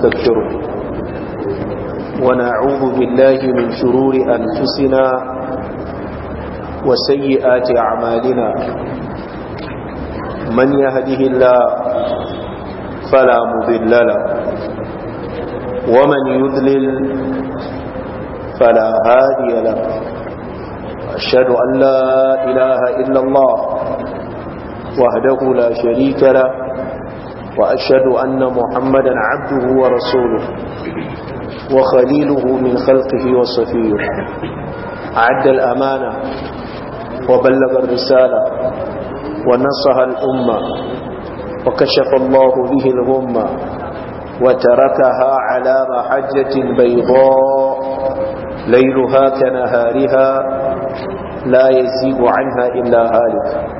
نستغفره ونعوذ بالله من شرور أنفسنا وسيئات أعمالنا من يهده الله فلا مضل له ومن يذلل فلا هادي له أشهد أن لا إله إلا الله وحده لا شريك له وأشهد أن محمدا عبده ورسوله وخليله من خلقه وصفيه عد الأمانة وبلغ الرسالة ونصها الأمة وكشف الله به الغمة وتركها على محجة بيضاء ليلها كنهارها لا يزيب عنها إلا هالك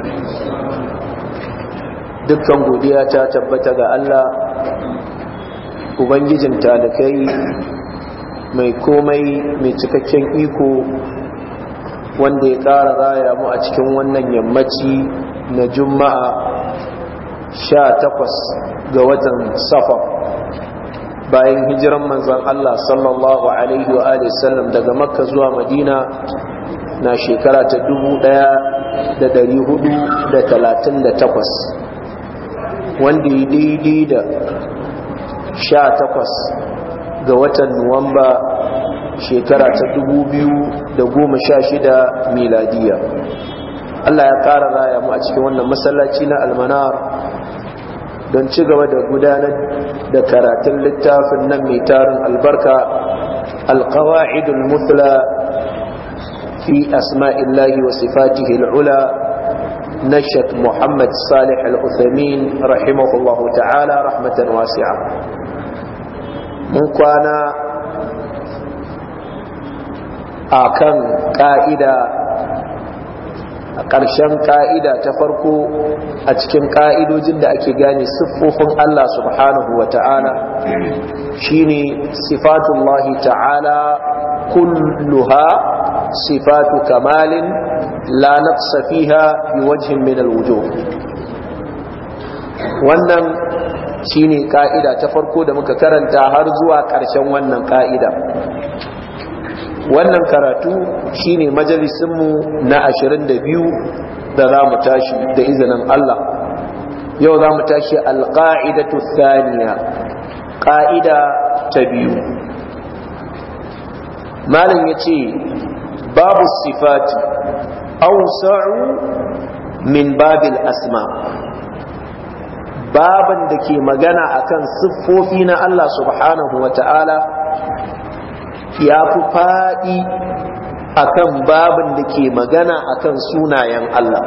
dukkan godiya ta tabbata ga Allah ubangijin talakai mai komai mai cikakken iko wanda ya ƙara raya mu a cikin wannan yammaci na juma'a 18 ga watan safa bayan hijiran manzan Allah sallallahu alaihi wa alaihi sallam daga makka zuwa madina na shekara ta takwas. wanda ya daidai da sha takwas ga watan nuwamba shekara ta dubu biyu da goma sha shida miladiya Allah ya ƙara raya mu a cikin wannan masallaci na almanar don ci gaba da gudanar da karatun littafin nan mai tarin albarka alkawa'idul mutla fi asma'illahi wa sifatihi al'ula نشط محمد صالح الأثمين رحمه الله تعالى رحمة واسعة مكوانا أكن قائدة ƙarshen ƙa'ida ta farko a cikin ƙa'idojin da ake gane siffofin Allah subhanahu wa ta'ala shi ne sifatullahi ta'ala kulluha sifatu kamalin la naqsa fiha bi wajhin min alwujuh wannan shine ka'ida ta farko da muka karanta har zuwa ƙarshen wannan ka'ida wannan karatu shine mu na 22 da za tashi da izinin Allah yau zamu mu tashi alƙa'idatu thaniya ƙa'ida ta biyu malam yace babu sifati awsa'u min babil asma baban da ke magana akan siffofi na Allah subhanahu wa ta'ala ya fi faɗi akan babin da ke magana akan sunayen Allah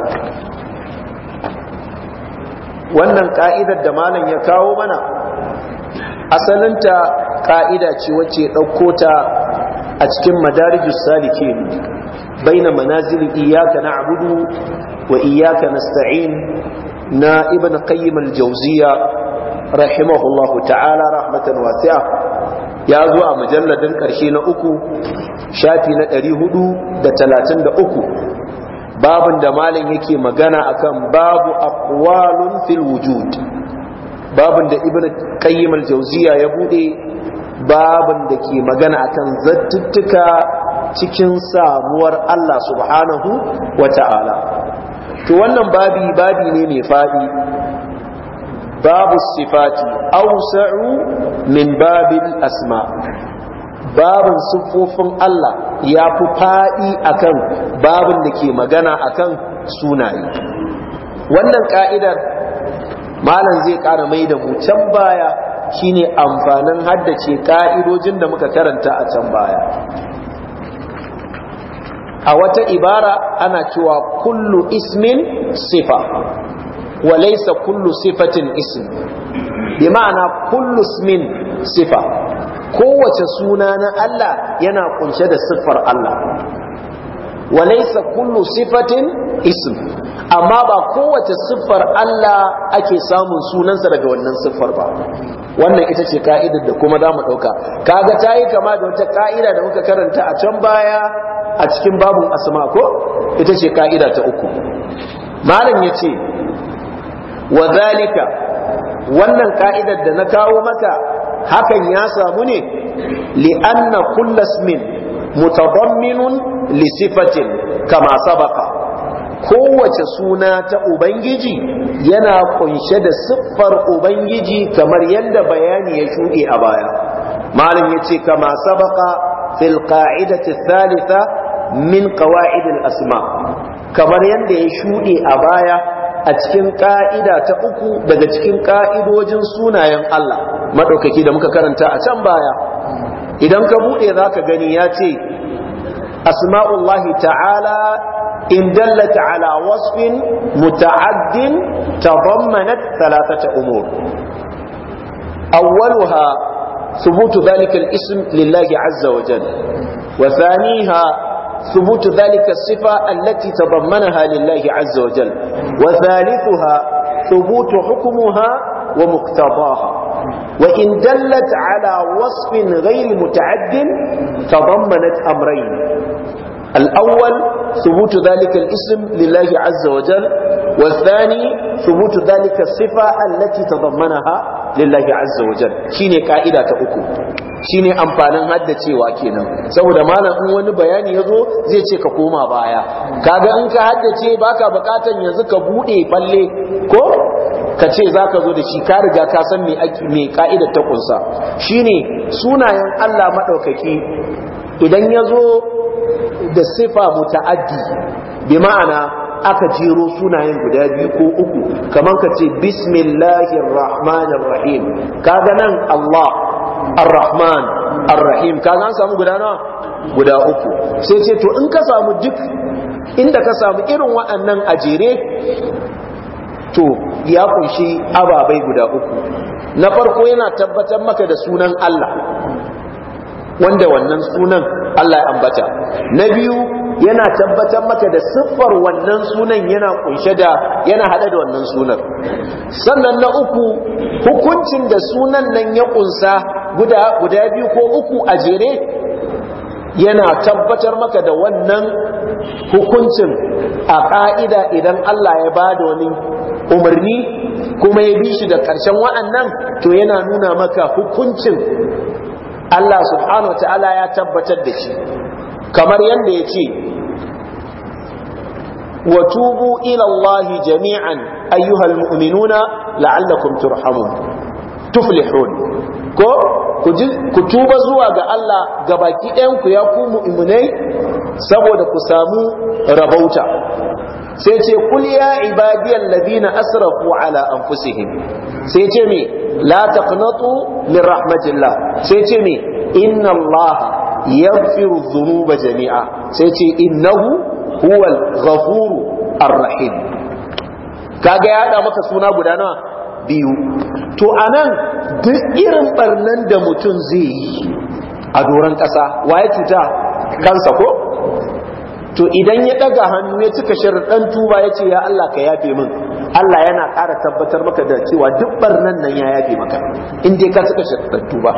wannan ka'idar da malam ya kawo mana asalinta ka'ida ce wacce ɗauko ta a cikin madarijus salikin baina iyaka na Abudu wa iyyaka nasta'in na ibn qayyim al-jawziya rahimahullah ta'ala rahmatan wasi'a ya zo a mujalladin ƙarshe na uku shafi na ɗari hudu da talatin da uku, malam yake magana akan babu aqwalun fil wujud babin da ibnu qayyim jawziya ya bude babin da ke magana akan zattuttuka cikin samuwar Allah subhanahu wa ta'ala to wannan babi babi ne mai faɗi babu sifati ausa'u min babin asma babin siffofin Allah ya fi faɗi akan babin da ke magana akan sunaye wannan ka'idar malam zai ƙara mai da mu can baya shine amfanin haddace ka'idojin da muka karanta a can baya a wata ibara ana cewa kullu ismin sifa wa laysa kullu sifatin ism bi ma'ana kullu ismin sifa kowace suna na Allah yana kunshe da siffar Allah wa laysa kullu sifatin ism amma ba kowace siffar Allah ake samun sunansa daga wannan siffar ba wannan ita ce ka'idar da kuma zamu mu ɗauka kaga ta yi kama da wata ka'ida da muka karanta a can baya a cikin babun asma ko ita ce ka'ida ta uku malam ya ce wa zalika wannan ka'idar da na kawo maka hakan ya samu ne li'anna kullasmin mutadamminun li sifatin kama sabaka kowace suna ta ubangiji yana kunshe da siffar ubangiji kamar yadda bayani ya shuɗe a baya malam ya ce kama sabaka fil qa'idati thalitha min qawa'idil asma kamar yadda ya shuɗe a baya a cikin ƙa'ida ta uku daga cikin ƙa'idojin sunayen Allah maɗaukaki da muka karanta a can baya idan ka buɗe za ka gani ya ce asma'ullahi ta'ala in dallata ala wasfin muta'addin tadammanat thalathata umur awwaluha ثبوت ذلك الاسم لله عز وجل وثانيها ثبوت ذلك الصفة التي تضمنها لله عز وجل وثالثها ثبوت حكمها ومقتضاها وإن دلت على وصف غير متعد تضمنت أمرين الأول ثبوت ذلك الاسم لله عز وجل والثاني ثبوت ذلك الصفة التي تضمنها lillahi azza wajal shine ka'ida ta uku shine amfanin haddacewa kenan saboda malam in wani bayani ya zo zai ce ka koma baya kaga in ka haddace baka bukatan yanzu ka bude balle ko ka ce za ka zo da shi ka riga ka san me ka'idar ta kunsa shine sunayen Allah maɗaukaki idan yazo da sifa muta'addi bi ma'ana aka jero sunayen guda biyu ko uku kamar ka ce bismillahir rahmanir rahim kaga nan Allah ar-rahman ar-rahim kaga an samu guda nawa guda uku sai ce to in ka samu duk inda ka samu irin waɗannan a to ya kunshi ababai guda uku na farko yana tabbatar maka da sunan Allah wanda wannan sunan Allah ya ambata na biyu yana tabbatar maka da siffar wannan sunan yana kunshe da yana hada da wannan sunan sannan na uku hukuncin da sunan nan ya kunsa guda guda biyu ko uku a jere yana tabbatar maka da wannan hukuncin a ka'ida idan Allah ya ba da wani umarni kuma ya bi shi da ƙarshen wa'annan to yana nuna maka hukuncin Allah subhanahu wa ta'ala ya tabbatar da shi kamar yadda ya ce وتوبوا إلى الله جميعا أيها المؤمنون لعلكم ترحمون تفلحون ko ku tuba zuwa ga Allah ga baki ɗayanku ya ku mu'minai saboda ku samu rabauta sai kulya ibadiyan ya ibadiyal asraf asrafu ala anfusihim sai ce me la taqnatu min rahmatillah sai ce me inna Allah yaghfiru dhunuba jami'a sai ce innahu huwal ghafuru arrahim rahim kaga ya hada maka suna guda nawa biyu to anan duk irin barnan da mutum zai yi a doron kasa waye cuta kansa ko to idan ya daga hannu ya cika sharadan tuba ya ce ya Allah ka yafe min Allah yana ƙara tabbatar maka da cewa duk barnan nan ya yafe maka in dai ka cika sharadan tuba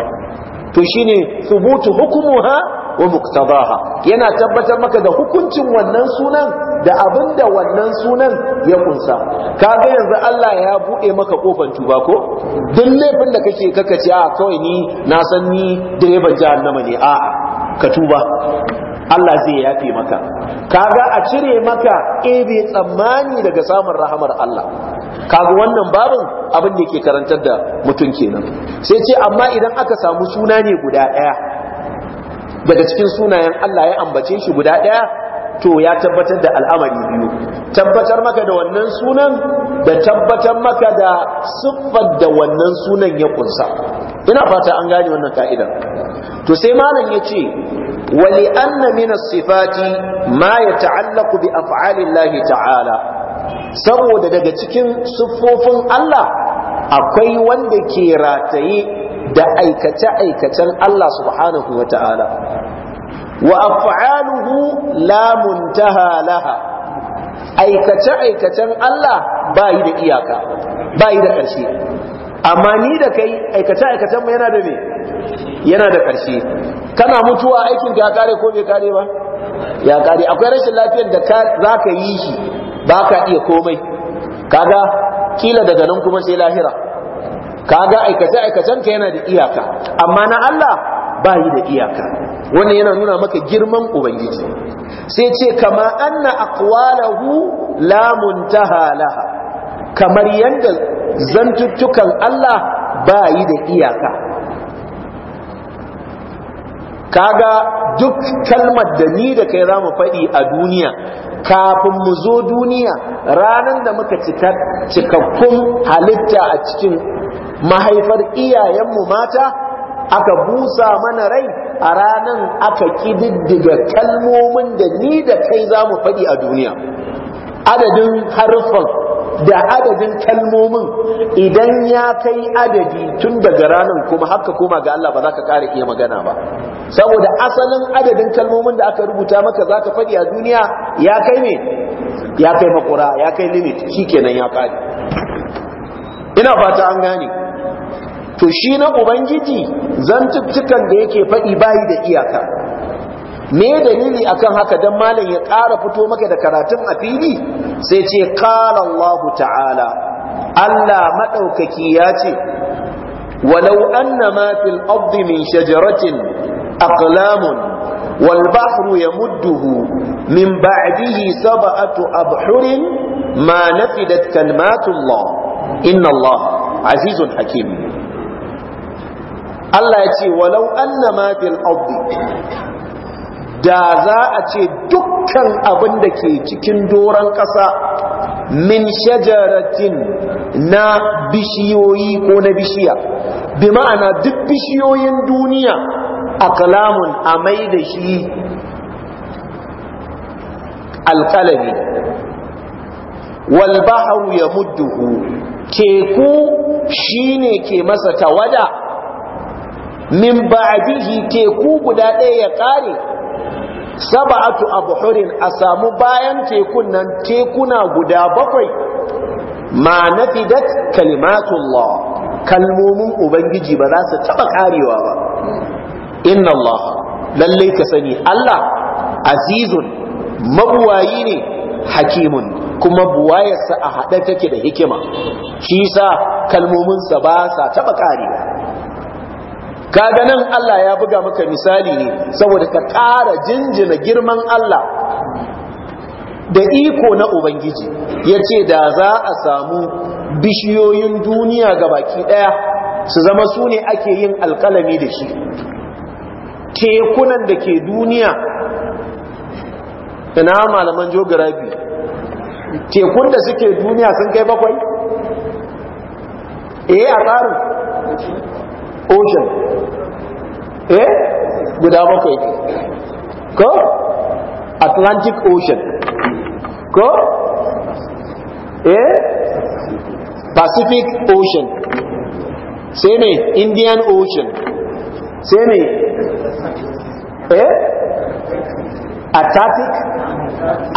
to shine thubutu hukumuha wa muktadaha yana tabbatar maka da hukuncin wannan sunan da abinda wannan sunan ya kunsa kaga yanzu Allah ya buɗe maka kofar tuba ko duk laifin da kake kaka ce a ah, kawai ni na san ni direban jahannama ne a ka tuba Allah zai yafe maka Ka ga a cire maka ebe tsammani daga samun rahamar Allah Ka ga wannan babin abin da yake karantar da mutum kenan sai ce amma idan aka samu suna ne guda ɗaya daga cikin sunayen Allah ya ambace shi guda ɗaya to ya tabbatar da al'amari biyu tabbatar maka da wannan sunan da tabbatar maka da siffar da wannan sunan ya kunsa ina fata an gane wannan ka'idar to sai malam ya ce wali anna min sifati ma yata'allaqu bi af'alillahi ta'ala saboda daga cikin siffofin Allah akwai wanda ke rataye da aikace-aikacen Allah subhanahu wa ta'ala wa af'aluhu la muntaha laha aikace aikacen Allah ba yi da iyaka ba yi da ƙarshe amma ni da kai aikace aikacen mu yana da me yana da ƙarshe kana mutuwa aikin ka kare ko bai kare ba ya kare akwai rashin lafiyar da za ka yi shi ba ka iya komai kaga kila daga nan kuma sai lahira kaga aikace aikacen ka yana da iyaka amma na Allah ba yi da iyaka wannan yana nuna maka girman ubangiji sai ce kama anna aqwalahu la muntaha laha kamar yanda zantuttukan Allah ba yi da iyaka kaga duk kalmar da ni da kai zamu faɗi a duniya kafin mu zo duniya ranar da muka cika cikakkun halitta a cikin mahaifar iyayenmu mata aka busa mana rai a ranan aka kididdiga kalmomin da ni da kai za mu faɗi a duniya adadin haruffan da adadin kalmomin idan ya kai adadi tun daga ranar kuma haka koma ga Allah ba za ka ƙara iya magana ba saboda asalin adadin kalmomin da aka rubuta maka za ka faɗi a duniya ya kai ne ya kai makura ya kai limit shi kenan ya faɗi. ina fata an gane to shi na ubangiji zantuttukan da yake faɗi bayi da iyaka me dalili akan haka dan malam ya ƙara fito maka da karatun a fili sai ce qala Allah ta'ala Allah madaukaki ya ce walau annama fil ardi min shajaratin aqlamun wal bahru من بعده سبعة أبحر ما نفدت كلمات الله inna الله azizun حكيم Allah ya ce walau annama fil ardi da za a ce dukkan abin da ke cikin doron ƙasa min shajaratin na bishiyoyi ko na bishiya bi ma'ana duk bishiyoyin duniya kalamun a mai da shi alƙalami walbaharu ya mudduhu teku shine ke masa tawada min ba'dihi teku guda ɗaya ya ƙare saba'atu abhurin a samu bayan tekun nan tekuna guda bakwai ma nafidat kalimatullah kalmomin ubangiji ba za su taɓa ƙarewa ba inna Allah lallai ka sani Allah azizun mabuwayi ne hakimun kuma buwayarsa a haɗe take da hikima shi sa kalmominsa ba sa taɓa ƙarewa kaga nan Allah ya buga maka misali ne saboda ka ƙara jinjina girman Allah da iko na Ubangiji ya ce da za a samu bishiyoyin duniya ga baki ɗaya su zama su ne ake yin alkalami da shi tekunan da ke duniya ina malaman geography tekun da suke duniya sun kai bakwai eh a tsarin ocean eh guda bakwai ko atlantic ocean ko eh pacific ocean sai ne indian ocean sai ne eh atlantic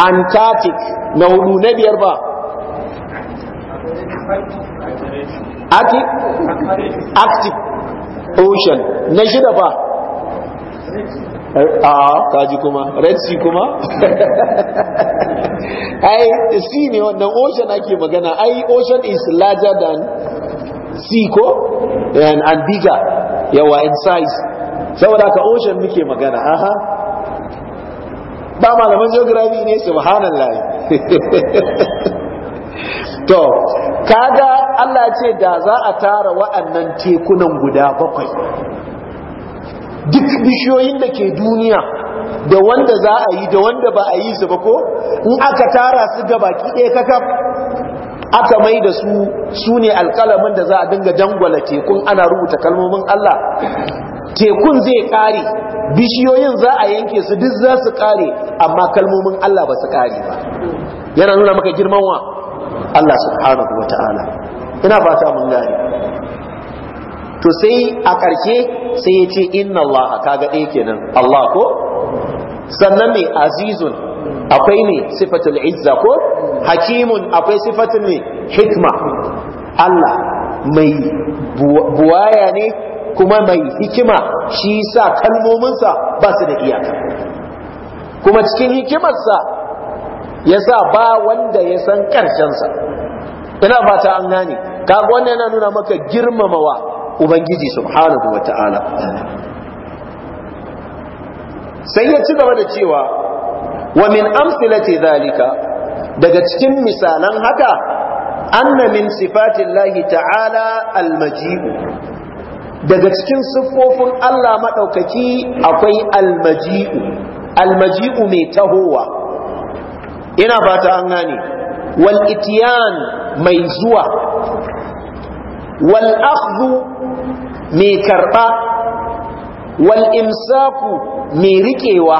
antarctic na hudu na biyar ba arctic arctic ocean na shida ba a kaji kuma red sea kuma ai sea ne wannan ocean ake magana ai ocean is larger than sea ko and, and bigger yawa in size saboda ka ocean muke magana aha ba malaman geography ne subhanallah to kaga Allah ce da za a tara wa'annan tekunan guda bakwai duk bishiyoyin da ke duniya da wanda za a yi da wanda ba a yi su ba ko in aka tara su ga baki ɗaya kakaf aka mai da su su ne alkalamin da za a dinga dangwala tekun ana rubuta kalmomin Allah tekun zai ƙare bishiyoyin za a yanke su duk za su ƙare amma kalmomin Allah ba su ƙare ba yana nuna maka girman wa Allah subhanahu wa ta'ala ina fata mun gane to sai a ƙarshe sai ya ce inna Allah kaga ɗaya kenan Allah ko sannan ne azizun akwai ne sifatul izza ko hakimun akwai sifatul ne hikma Allah mai buwaya ne kuma mai hikima shi sa kalmominsa ba su da iyaka kuma cikin hikimarsa Ya sa ba wanda ya san ƙarshensa ina fata an gane kaga wannan yana nuna maka girmamawa ubangiji subhanahu wata'ala sai ya ci gaba da cewa wa min amsilati zalika daga cikin misalan haka anna min llahi ta'ala almaji'u daga cikin siffofin Allah madaukaki akwai almaji'u almaji'u mai tahowa ina ba ta an gane wal itiyan mai zuwa wal akhdhu mai karba wal imsaku mai riƙewa,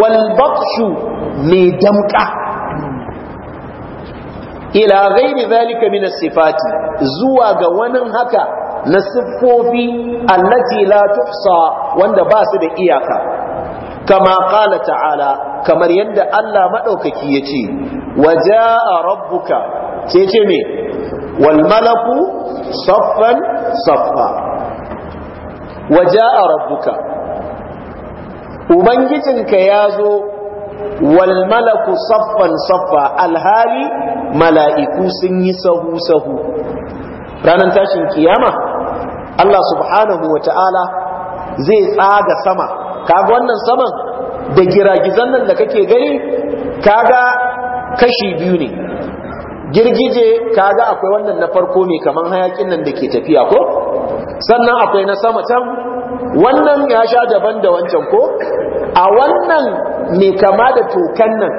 wal batshu mai damka ila ghairi zalika min as-sifati zuwa ga wannan haka na siffofi allati la tuhsa wanda ba su da iyaka kama qala ta'ala kamar yadda Allah madaukaki yace waja'a rabbuka sai ce me wal malaku saffan saffa waja'a rabbuka ubangijinka yazo wal malaku saffan saffa alhali mala'iku sun yi sahu sahu ranar tashin kiyama Allah subhanahu wa ta'ala zai tsaga sama kaga wannan saman da giragizan nan da kake gani kaga kashi biyu ne girgije kaga akwai wannan na farko mai kaman hayakin nan da ke tafiya ko sannan akwai na sama can wannan ya sha daban da wancan ko a wannan mai kama da tokan nan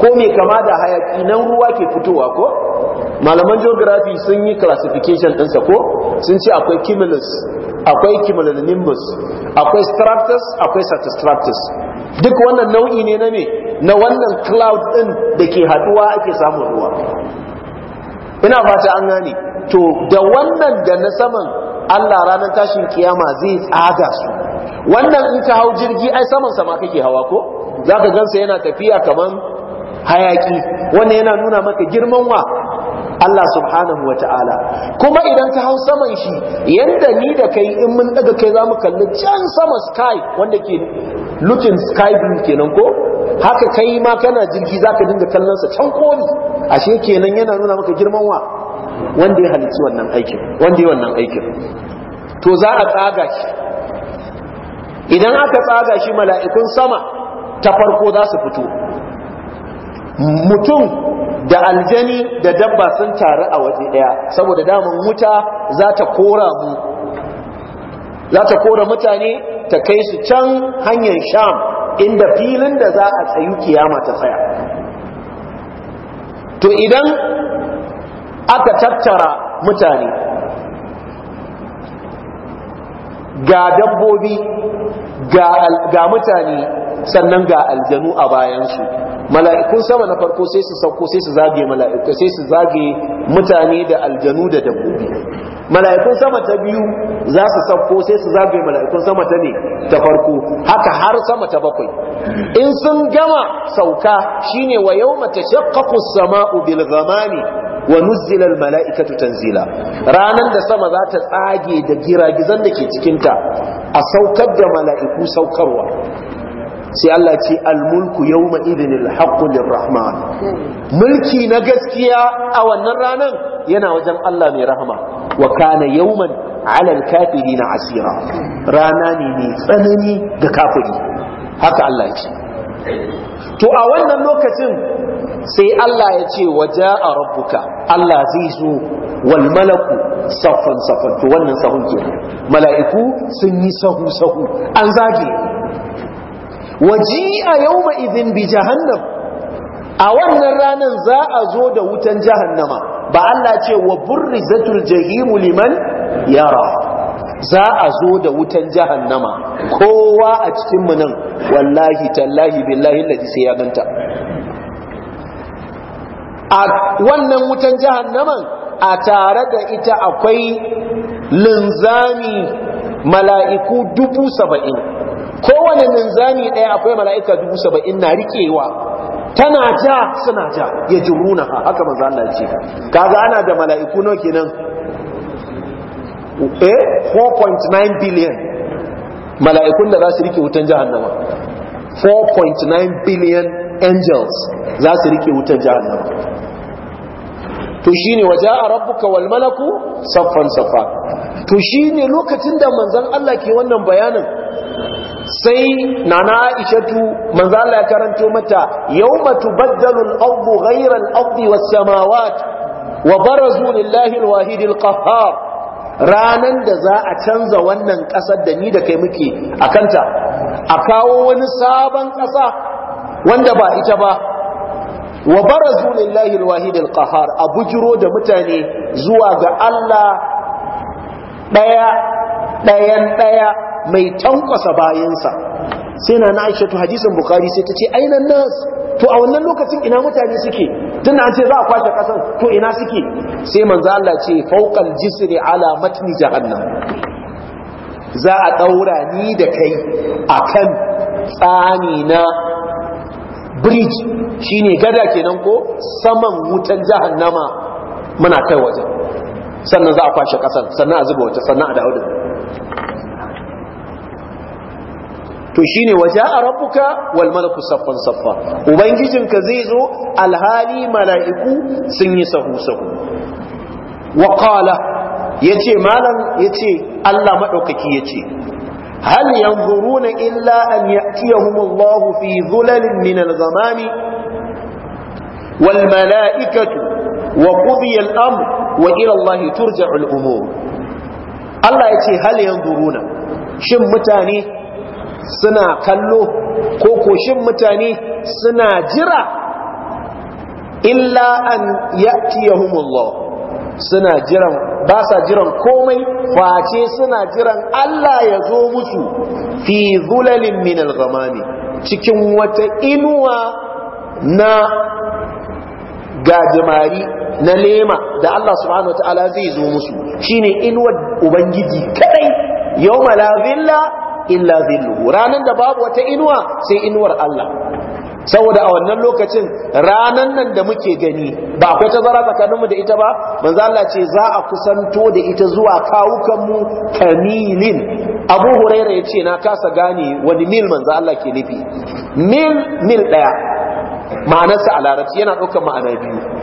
ko mai kama da hayaki nan ruwa ke fitowa ko malaman geography sun yi classification ɗinsa ko sun ce akwai cumulus akwai cumulonimbus akwai stratus akwai satistratus duk wannan nau'i ne na ne? na wannan cloud din da ke haduwa ake samun ruwa ina fata an gane to da wannan da na saman Allah ranar tashin kiyama zai tsaga su wannan in ka hau jirgi ai saman sama kake hawa ko Za ka gansa yana tafiya kamar hayaki wannan yana nuna maka girman wa Allah subhanahu wa ta'ala kuma idan ka hau saman shi yadda ni da kai in mun daga kai za mu kalli can sama sky wanda ke looking sky blue kenan ko haka kai ma kana jirgi za ka dinga kallon sa can koli ashe kenan yana nuna maka girman wa wanda ya halicci wannan aikin wanda ya wannan aikin to za a tsaga shi idan aka tsaga shi mala'ikun sama ta farko za su fito mutum da aljani da dabba sun taru a waje daya saboda daman wuta za ta kora mu za ta kora mutane ta kai su can hanyar sham inda filin da za a tsayu kiyama ta tsaya to idan aka tattara mutane ga dabbobi ga mutane sannan ga aljanu a bayansu mala'ikun sama na farko sai su sauko sai su zage mala'iku sai su zage mutane da aljanu da dabbobi mala'ikun sama ta biyu za su sauko sai su zage mala'ikun sama ta ne ta farko haka har sama ta bakwai in sun gama sauka shine wa yawma tashaqqaqu as-sama'u bil ghamami wa nuzzila al mala'ikatu tanzila ranan da sama za ta tsage da giragizan da ke cikinta a saukar da mala'iku saukarwa sai Allah ce almulku yawma idinil haqqu rahma. mulki na gaskiya a wannan ranan yana wajen Allah mai rahama wa kana yawman ala na asira rana ne mai tsanani ga kafiri haka Allah ce to a wannan lokacin sai Allah ya ce waja'a rabbuka Allah zai zo wal malaku saffan saffan to wannan sahun mala'iku sun yi sahu sahu an zage Waji waji'a yau maizin bi jahannam a wannan ranar za a zo da wutan jahannama ba Allah ce wa burri zatul jahimu liman yara za a zo da wutan jahannama kowa a cikin mu nan wallahi tallahi billahi ladi sai ya ganta a wannan wutan jahannaman a tare da ita akwai linzami mala'iku dubu saba'in kowane linzami ɗaya akwai mala'ika dubu saba'in na rikewa tana ja suna ja ya ji runa haka maza Allah ce kaga ana da mala'iku nawa kenan eh 4.9 billion mala'ikun da za su rike wutan jahannama 4.9 billion angels za su rike wutan jahannama to shine a rabbuka wal malaku saffan saffa to shine lokacin da manzon Allah ke wannan bayanin sai nana aishatu manzo Allah ya karanto mata yawma tubaddalu al-ardu ghayra al-ardi was-samawat wa barazu lillahi al-wahid al-qahhar ranan da za a canza wannan kasar da ni da kai muke akanta a kawo wani sabon kasa wanda ba ita ba wa barazu lillahi al-wahid al-qahhar a bujiro da mutane zuwa ga Allah daya dayan daya mai tankwasa bayansa sai na Aisha tu hadisin Bukhari sai ta ce ainihin nas to a wannan lokacin ina mutane suke tunda an ce za a kwashe kasan to ina suke sai manzo Allah ce fawqal jisiri ala matni jahannam za a daura ni da kai a akan tsani na bridge shine gada kenan ko saman wutan jahannama muna kai wajen sannan za a kwashe kasan sannan a zuba wata sannan a dawo da to shine waja'a rabbuka wal malaku saffan saffa ubangijinka zai zo alhali mala'iku sun yi sahu sahu wa qala yace malam yace Allah madaukaki yace hal yanzuruna illa an ya'tiyahumullahu fi dhulalin min zamani Walmala'ikatu wal mala'ikatu wa qudiya al-amr wa Allah ya ce umur Allah yace shin mutane suna kallo ko koshin mutane suna jira illa an ya'tiyahumullah suna jiran ba sa jiran komai face suna jiran Allah ya zo musu fi zulalin min al-ghamami cikin wata inuwa na gajimari na lema da Allah subhanahu wataala zai zo musu shine inuwar ubangiji kadai yawma la zilla illa zilluhu ranan da babu wata inuwa sai inuwar Allah saboda a wannan lokacin ranan nan da muke gani ba akwai tazara mu da ita ba manzo Allah ce za a kusanto da ita zuwa kawukan mu kamilin Abu Huraira ya ce na kasa gane wani mil manzo Allah ke nufi mil mil daya ma'anarsa a larabci yana ɗaukar ma'ana biyu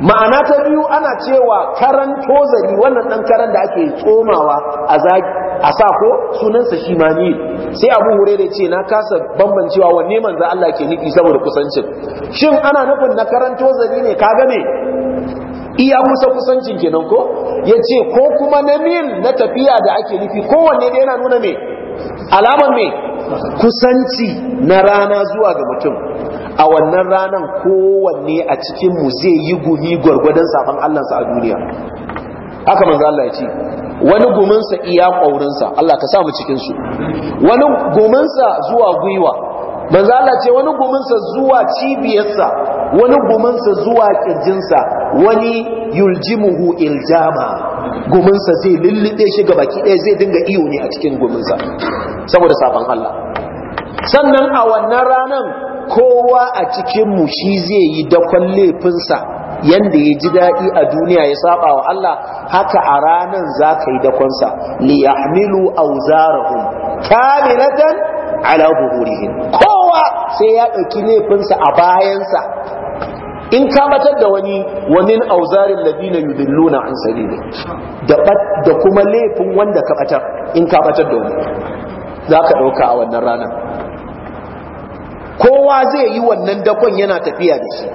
ma'ana ta biyu ana cewa karan tozari wannan dan karan da ake tsomawa a zagi a sa ko sunansa shi mani sai abu hure da ce na kasa bambancewa wanne manzo Allah ke nufi saboda kusancin shin ana nufin na karan tozari ne kaga ne iya musa kusancin kenan ko yace ko kuma na min na tafiya da ake nufi wanne da yana nuna me alaman me kusanci na rana zuwa ga mutum a wannan ranar kowanne a cikin mu zai yi gumi gwargwadon safan Allahnsa a duniya haka manzo Allah ya ce wani guminsa iya ƙaurinsa Allah ka sa mu wani guminsa zuwa gwiwa manzo Allah ce wani guminsa zuwa cibiyarsa wani guminsa zuwa kirjinsa wani yuljimuhu iljama guminsa zai lullube shi ga baki ɗaya zai dinga iyo ne a cikin guminsa saboda sabon Allah sannan a wannan ranar. kowa a cikinmu shi zai yi dakon laifinsa yanda ya ji daɗi a duniya ya saba wa Allah haka a ranan za ka yi dakonsa li yahmilu auzarahum kamilatan ala buhurihim kowa sai ya ɗauki laifinsa a bayansa in ka da wani wamin auzarin ladina yudilluna an sabili da kuma laifin wanda ka in ka da wani za ka ɗauka a wannan ranar kowa zai yi wannan dakon yana tafiya da shi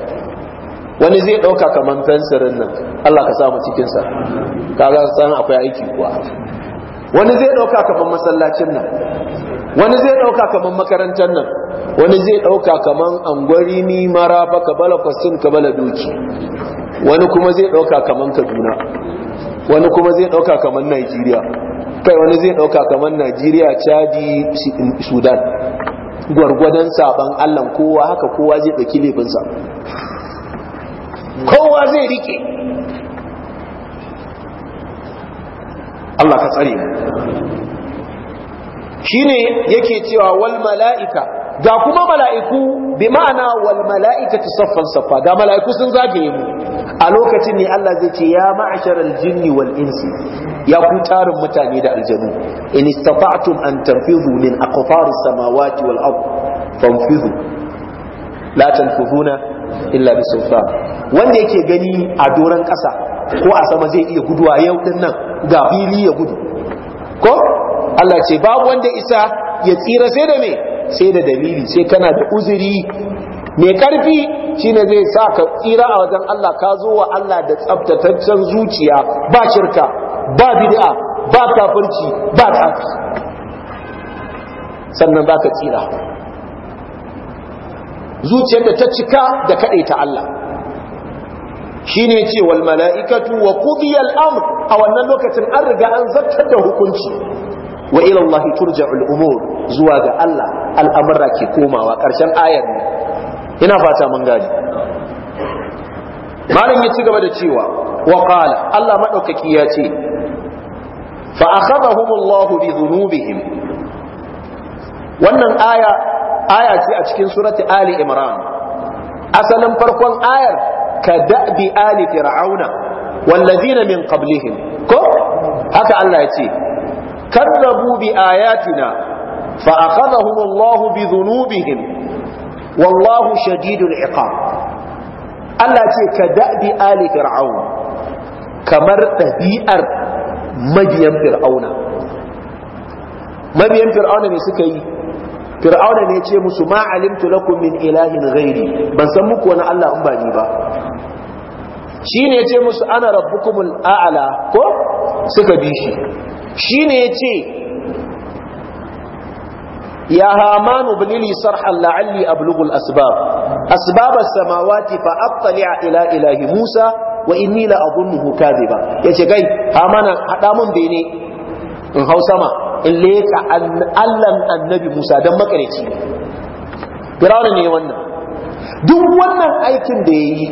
wani zai ɗauka kamar fensirin nan Allah ka samu cikinsa kaga san akwai aiki kuwa wani zai ɗauka kamar masallacin nan wani zai ɗauka kamar makarantar nan wani zai ɗauka kamar angwari ni maraba bala kwasin bala doki wani kuma zai ɗauka kamar kaduna wani kuma zai ɗauka kamar najeriya kai wani zai ɗauka kamar najeriya chadi sudan gwargwadon saban Allah kowa haka kowa zai ɗauki laifinsa kowa zai rike Allah ka tsare ne yake cewa wal mala'ika ga kuma mala'iku bi ma'ana wal ta saffan saffa ga mala'iku sun zagaye mu a lokacin ne Allah zai ce ya ma’ashirar jinni wal insi ya ku tarin mutane da aljanu in istata'tum an tanfidhu min aqfaris samawati wal ard fanfidhu la tanfidhuna illa bi sultan wanda yake gani a doran kasa ko a sama zai iya guduwa yau din nan ga fili ya gudu ko Allah ce babu wanda isa ya tsira sai da me sai da dalili sai kana da uzuri mai karfi shine zai sa ka tsira a wajen Allah ka zo wa Allah da tsabtataccen zuciya ba shirka ba bid'a ba kafirci ba kafi sannan za ka tsira zuciyar da ta cika da ta Allah shine ce wal mala'ikatu wa qudiya al-amr a wannan lokacin an riga an zartar da hukunci wa ila Allah al umur zuwa ga Allah al'amura ke komawa karshen ayar ne ina fata mun gani malam ya ci gaba da cewa wa qala Allah madaukaki ya ce fa akhadhahum Allah bi wannan aya aya ce a cikin surati Ali Imran asalin farkon ayar ka da'bi ali fir'auna wallazina min qablihim ko haka Allah ya ce kazzabu bi ayatina fa akhadhahum Allah bi dhunubihim wallahu shadidul iqab Allah ce ka da'bi ali fir'auna kamar dabi'ar. mabiyan fir'auna mabiyan fir'auna ne suka yi fir'auna ne ce musu ma alimtu lakum min ilahin ghairi ban san muku wani Allah in ba ni ba shine ya ce musu ana rabbukumul a'la ko suka bi shi shine ya ce ya hamanu bilili sarhan la'alli ablughul asbab asbab as-samawati fa ila ilahi musa wa inni la adunnuhu kadhiba yace kai amana hada mun bene in hau sama in leka allan annabi Musa dan makareci Firawuna ne wannan duk wannan aikin da yayi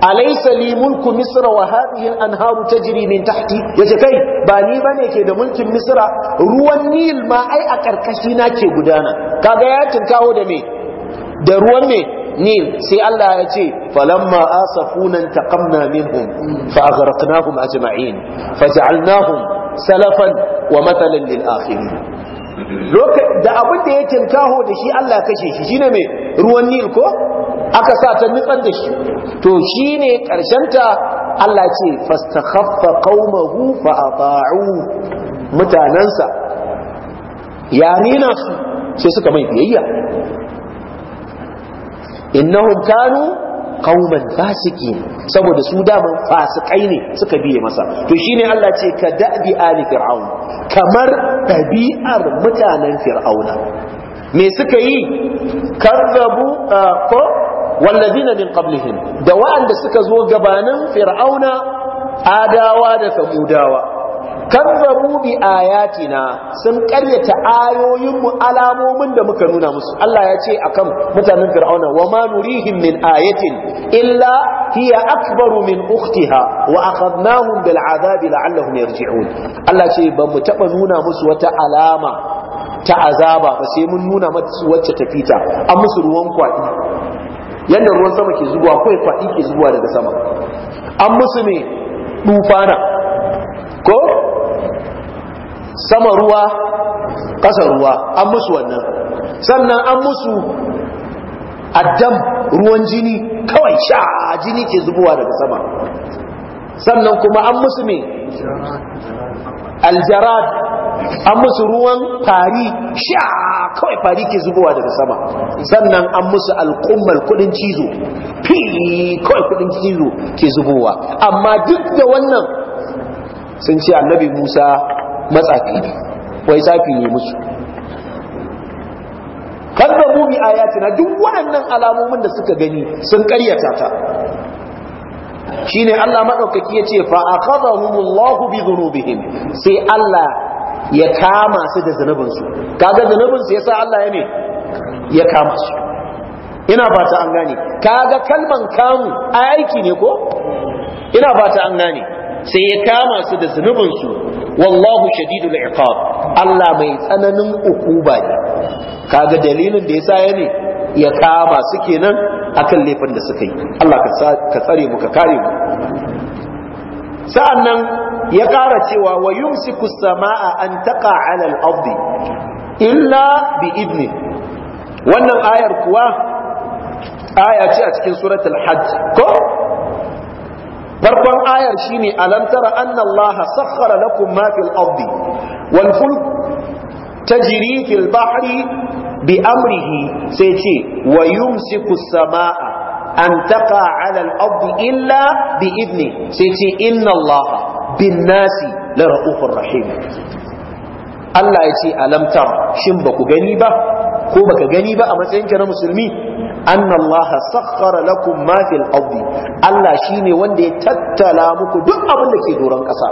alaysa li mulku misra wa hadhihi al-anharu tajri min tahti yace kai ba ni bane ke da mulkin misra ruwan nil ma ai a karkashi na ke gudana kaga ya tinkawo da me da ruwan me nil sai Allah ya ce falamma asafuna taqamna minhum fa aghraqnahum ajma'in faj'alnahum salafan wa matalan lil akhirin da abin da ya tinkaho da shi Allah kashe shi shine mai ruwan nil ko aka sa ta nutsar da shi to shine ta Allah ce fastakhaffa qaumahu fa ata'u mutanansa ya nina su sai suka mai biyayya innahum kanu qauman fasikin saboda su daman fasikai ne suka biye masa to shine Allah ce ka da'bi ali fir'aun kamar tabi'ar mutanen fir'auna me suka yi kazzabu ko walladina min qablihim da wa'anda suka zo gabanin fir'auna adawa da samudawa kazzabu bi ayatina sun karyata ayoyin mu alamomin da muka nuna musu Allah ya ce akan mutanen fir'auna wa ma nurihim min ayatin illa hiya akbaru min ukhtiha wa akhadnahum bil azabi la'allahum yarji'un Allah ce ba mu taba nuna musu wata alama ta azaba ba sai mun nuna musu wacce ta fita an musu ruwan kwadi yanda ruwan sama ke zubowa kai kwadi ke zubowa daga sama an musu ne dufana ko sama ruwa ƙasa ruwa an musu wannan sannan an musu addam ruwan jini kawai sha jini ke zubowa daga sama sannan kuma an musu ne? aljarad an musu ruwan fari sha kawai fari ke zubowa daga sama sannan an musu alƙummal kudin cizo fi kawai kudin cizo ke zubowa amma duk da wannan sun ce annabi musa matsafi ne wai tsafi ne musu mu bi ayatina duk waɗannan alamomin da suka gani sun ƙaryata ta shine Allah madaukaki yace fa akhadahumullahu bi dhunubihim sai Allah ya kama su da zanubin su kaga zanubin su yasa Allah ya ne ya kama su ina fata an gane kaga kalman kamu aiki ne ko ina fata an gane sai ya kama su da zunubinsu wallahu shadidul iqab Allah mai tsananin ukuba ne kaga dalilin da yasa ya ne ya kama su kenan akan laifin da suka yi Allah ka tsare mu ka kare mu sa'annan ya ƙara cewa wa yumsiku samaa an taqa 'ala al-ardi illa bi idni wannan ayar kuwa aya ce a cikin suratul hajj ko farkon ayar shine alam tara anna allaha sakhkhara lakum ma fil ardi wal fulk tajri fil bahri bi amrihi sai ce wa yumsiku samaa an taqa ala al ardi illa bi idni sai ce inna allaha bin nasi la raufur rahim Allah ya ce alam shin baku gani ba ko baka gani ba a matsayin na musulmi anna allaha sakhkhara lakum ma fil ardi Allah shine wanda ya tattala muku duk abin da ke doron kasa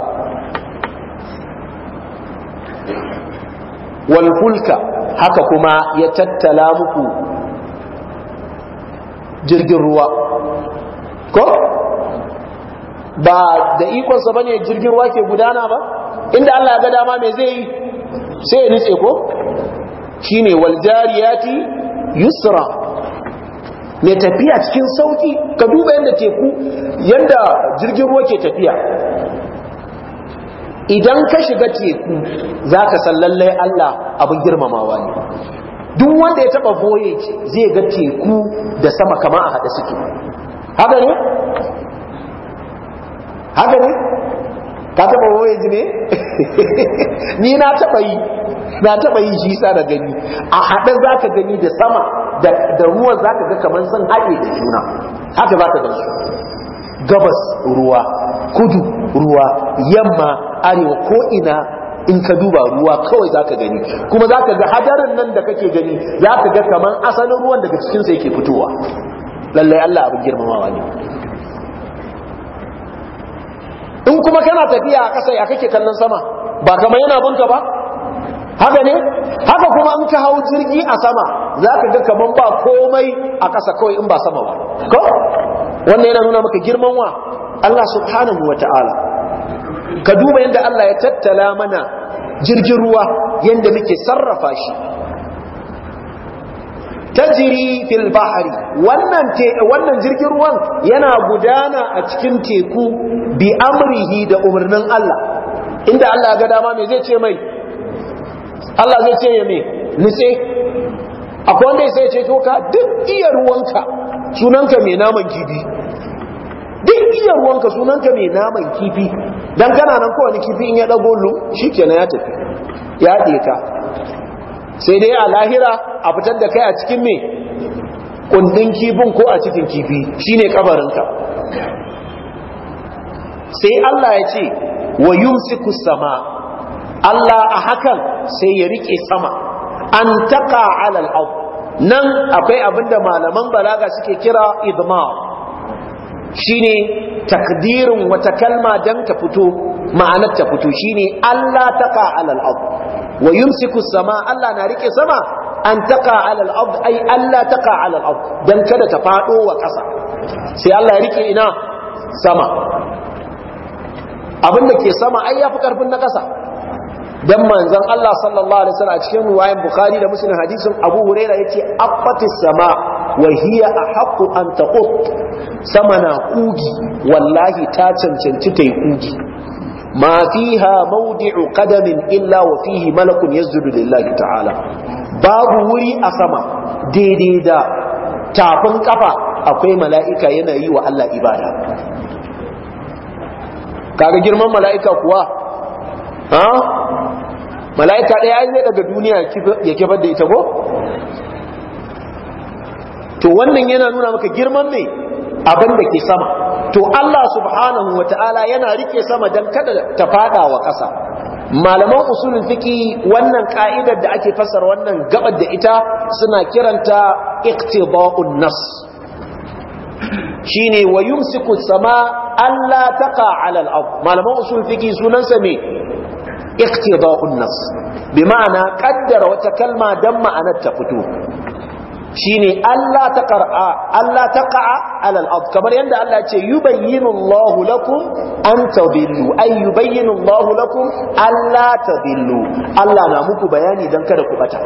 wal haka kuma ya tattala muku jirgin ruwa ko ba da ikonsa bane jirgin ruwa ke gudana ba inda Allah ya ga dama me zai yi sai ya nutse ko shine wal jariyati yusra mai tafiya cikin sauki ka duba yadda teku yadda jirgin ruwa ke tafiya idan ka shiga teku za ka san lallai Allah abin girmamawa ne duk wanda ya taba voyage zai ga teku da sama kama a haɗe suke haka ne? haka ne? ka taba voyage ne? ni na taba yi na taba yi shi da gani a haɗar za ka gani da sama da ruwa za ka ga kamar sun haɗe da juna haka za ka gansu gabas ruwa kudu ruwa yamma arewa ko ina in ka duba ruwa kawai za ka gani kuma za ka ga hadarin nan da kake gani za ka ga kaman asalin ruwan daga cikinsa yake fitowa lallai Allah abin girmamawa ne in kuma kana tafiya a ƙasa ya kake kallon sama ba kamar yana bunka ba haka ne haka kuma in ka hau jirgi a sama za ka ga kaman ba komai a ƙasa kawai in ba sama ba ko wannan yana nuna maka girman wa Allah subhanahu wa ta'ala ka duba yadda Allah ya tattala mana jirgin ruwa yadda muke sarrafa shi tajiri fil bahari wannan wannan jirgin ruwan yana gudana a cikin teku bi amrihi da umarnin Allah inda Allah ya ga dama me zai ce mai Allah zai ce ya me nitse akwai wanda ya sai ce to ka duk iya ruwanka sunanka mai naman kifi duk iya ruwanka sunanka mai naman kifi dan kana nan kowane kifi in ya dago lu shikenan ya tafi ya ɗeka. sai dai a lahira a fitar da kai a cikin mai kundin kifin ko a cikin kifi shine kabarinka sai Allah ya ce wa yumsiku sama Allah a hakan sai ya riƙe sama an taƙa alal nan akwai abinda malaman balaga suke kira idmar shine takdirin wata kalma dan ta fito ma'anar ta fito shine Allah taƙa alal al wa yumsiku sama Allah na riƙe sama an taƙa alal al ai Allah taƙa alal al dan kada ta fado wa ƙasa sai Allah ya rike ina sama abinda ke sama ai yafi ƙarfin na ƙasa dan manzon Allah sallallahu alaihi wasallam a cikin ruwayan Bukhari da Muslim hadisin Abu Huraira yace afatis sama wa hiya ahqqu an taqut sama na kugi wallahi ta cancanci ta kugi ma fiha mawdi'u qadamin illa wa fihi malakun yazdudu lillahi ta'ala babu wuri a sama daidai da tafin kafa akwai mala'ika yana yi wa Allah ibada kaga girman mala'ika kuwa ha mala'ika ɗaya ya zai daga duniya ya kifar da ita ko to wannan yana nuna maka girman mai abin da ke sama to Allah subhanahu wa ta'ala yana rike sama don kada ta fada wa ƙasa malaman usulun fiki wannan ka'idar da ake fassara wannan gabar da ita suna kiranta iktiba'un nas shine wa yumsiku sama Allah taqa 'ala al-ard malaman usulun fiki sunansa me iqtida'un nas bi ma'ana kaddara wata kalma dan ma'anar ta fito shine Allah ta qar'a Allah ta qa'a alal ard kamar yanda Allah ce yubayyinu Allah lakum an tadillu ay yubayyinu Allah lakum alla tadillu Allah na muku bayani dan kada ku bata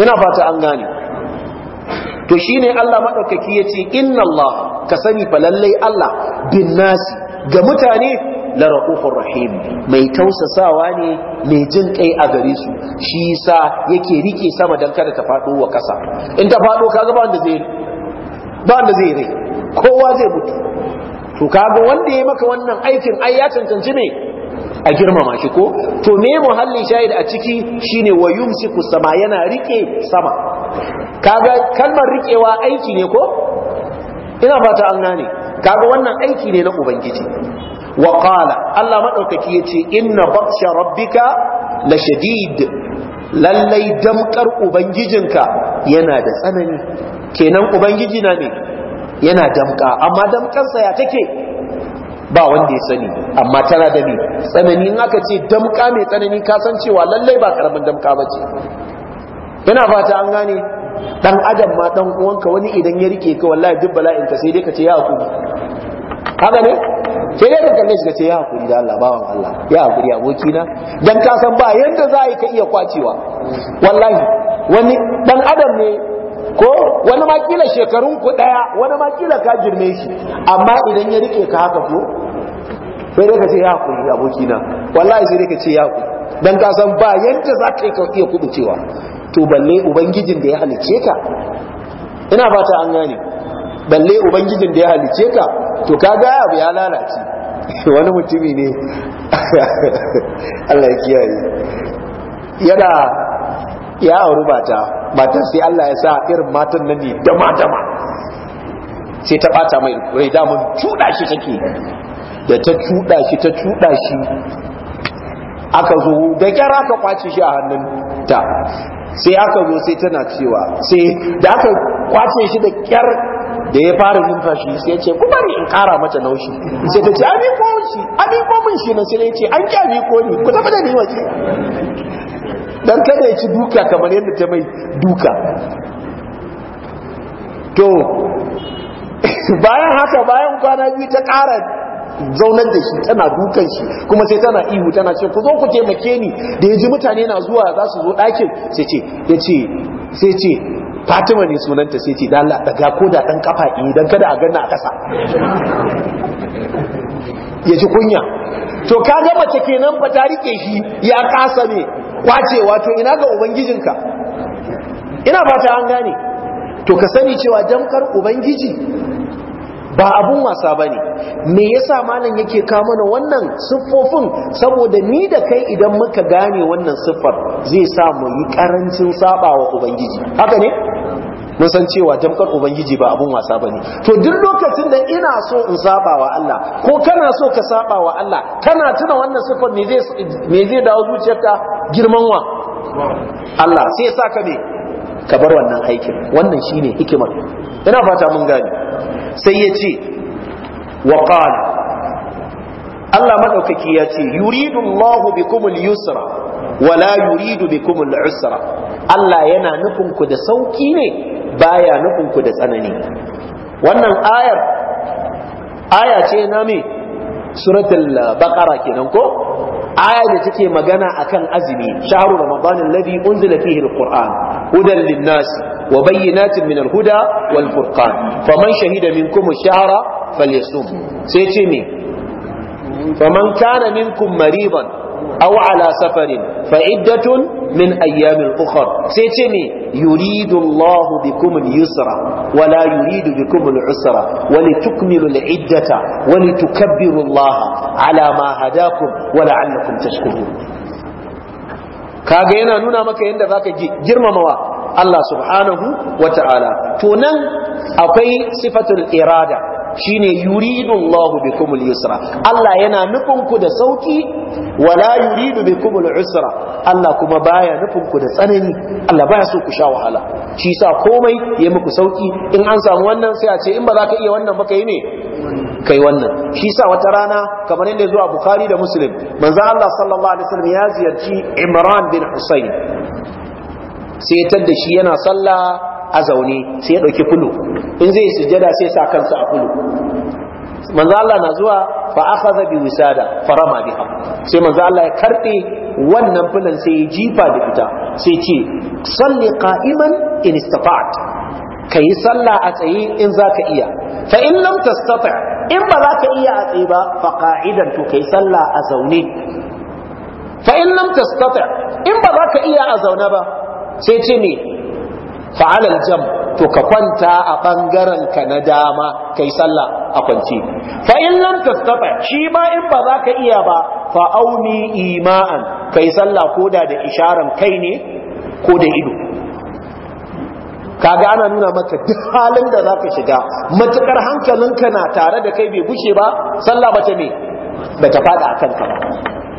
ina fata an gane to shine Allah madaukaki yace inna Allah ka sani fa lallai Allah bin nasi ga mutane la ra'ufur rahim mai tausasawa ne mai jin kai a gare su shi yasa yake rike sama dan kada ta fado wa kasa in ta fado kaga ba wanda zai ba wanda zai rai kowa zai mutu to kaga wanda ya maka wannan aikin ai ya cancanci ne a girmama shi ko to me muhallin shahid a ciki shine wa yumsiku sama yana rike sama kaga kalmar rikewa aiki ne ko ina fata an gane kaga wannan aiki ne na ubangiji wa qala Allah madaukaki yace inna batsha rabbika la shadid lallai damkar ubangijinka yana da tsanani kenan ubangiji na ne yana damka amma damkansa ya take ba wanda ya sani amma tana da ne tsanani in aka ce damka mai tsanani ka san cewa lallai ba karamin damka ba ce yana fata an gane dan adam ma dan uwanka wani idan ya rike ka wallahi duk bala'in ka sai dai ka ce ya hakuri haka ne sai dai kalle shi ce ya hakuri da Allah bawan Allah ya hakuri aboki na dan ka san ba yanda za ka iya kwacewa wallahi wani dan adam ne ko wani ma kila shekarun ku daya wani ma kila ka girme shi amma idan ya rike ka haka ko sai dai ka ce ya hakuri aboki na wallahi sai dai ka ce ya hakuri dan ka san ba yanda za ka iya kubucewa to balle ubangijin da ya halice ka ina fata an gane balle ubangijin da ya halice ka to kaga abu ya lalace wani mutumi ne Allah ya kiyaye yana ya auri mata matan sai Allah ya sa irin matan nan ne dama dama sai ta bata mai rai mun cuda shi take da ta cuda shi ta cuda shi aka zo da kyar aka kwace shi a hannun ta sai aka zo sai tana cewa sai da aka kwace shi da kyar da ya fara numfashi sai ya ce ku bari in kara mata naushi sai ta ce a ko shi a mun shi na sai ce an kya abin ni ku tafi da ni waje dan kada ya ci duka kamar yadda ta mai duka to bayan haka bayan kwana biyu ta kara zaunar da shi tana dukan shi kuma sai tana ihu tana ce ku zo ku taimake ni da ya ji mutane na zuwa za su zo ɗakin sai ce ce sai ce fatima ne sunanta sai ce da Allah daga ko da dan kafa idan eh, kada a ganna a kasa ya ji kunya to ka ga mace kenan ba ta rike shi ya kasa ne kwacewa to ina ga ubangijinka ina fata an gane to ka sani cewa jamkar ubangiji ba abun wasa ba ne me yasa malam yake kawo mana wannan siffofin saboda ni da kai idan muka gane wannan siffar zai sa mu yi karancin saba wa ubangiji haka ne mun san cewa damkar ubangiji ba abun wasa ba ne to duk lokacin da ina so in saba wa Allah ko kana so ka saba wa Allah kana tuna wannan siffar me zai me zai dawo zuciyarka girman wa Allah sai ya saka me ka bar wannan aikin wannan shine hikimar ina fata mun gane sai ya ce wa Allah maɗaukaki ya ce yuridu Allahu bikumul yusra wala yuridu kuma usra Allah yana nufinku da sauki ne baya nufinku da tsanani wannan ayar aya ce na me suratul baƙara kenan ko aya da take magana akan azumi shahru ramadan alladhi unzila fihi alquran hudan lin wa bayyinatin min al-huda wal furqan faman shahida minkum ash-shahra falyasum sai ce me faman kana minkum mariban aw ala safarin fa iddatun min ayyamin ukhra sai ce me yuridu Allahu bikum al-yusra wa la yuridu bikum al-usra wa litukmilu al yana nuna maka yadda zaka girmamawa Allah subhanahu wa ta'ala to nan akwai sifatul irada shine yuridu Allah yusra Allah yana nufin ku da sauki wala yuridu bikum al-usra Allah kuma baya nufin ku da tsanani Allah baya so ku sha wahala shi yasa komai ya muku sauki in an samu wannan sai a ce in ba za ka iya wannan ba kai ne kai wannan shi yasa wata rana kamar yadda zuwa Bukhari da Muslim manzo Allah sallallahu alaihi wasallam ya ziyarci Imran bin Husayn sai ya da shi yana sallah a zaune sai ya ɗauki fulu in zai sujjada sai sa kansa a fulu manzo Allah na zuwa fa akhadha bi wisada farama biha sai manzo Allah ya karbe wannan fulan sai ya jifa da ita sai ce salli qa'iman in istata'at kai sallah a tsaye in zaka iya fa in lam tastata in ba za ka iya a tsaye ba fa qa'idan to kai sallah a zaune fa in lam tastata in ba za ka iya a zaune ba sai ce me fa'alal jam to ka kwanta a bangaren ka na dama kai sallah a kwance fa in lam tastata shi ma in ba za ka iya ba fa auni ima'an kai sallah koda da isharan kai ne ko da ido kaga ana nuna maka duk halin da za ka shiga matukar hankalinka na tare da kai bai bushe ba sallah bata me bata fada a kanka ba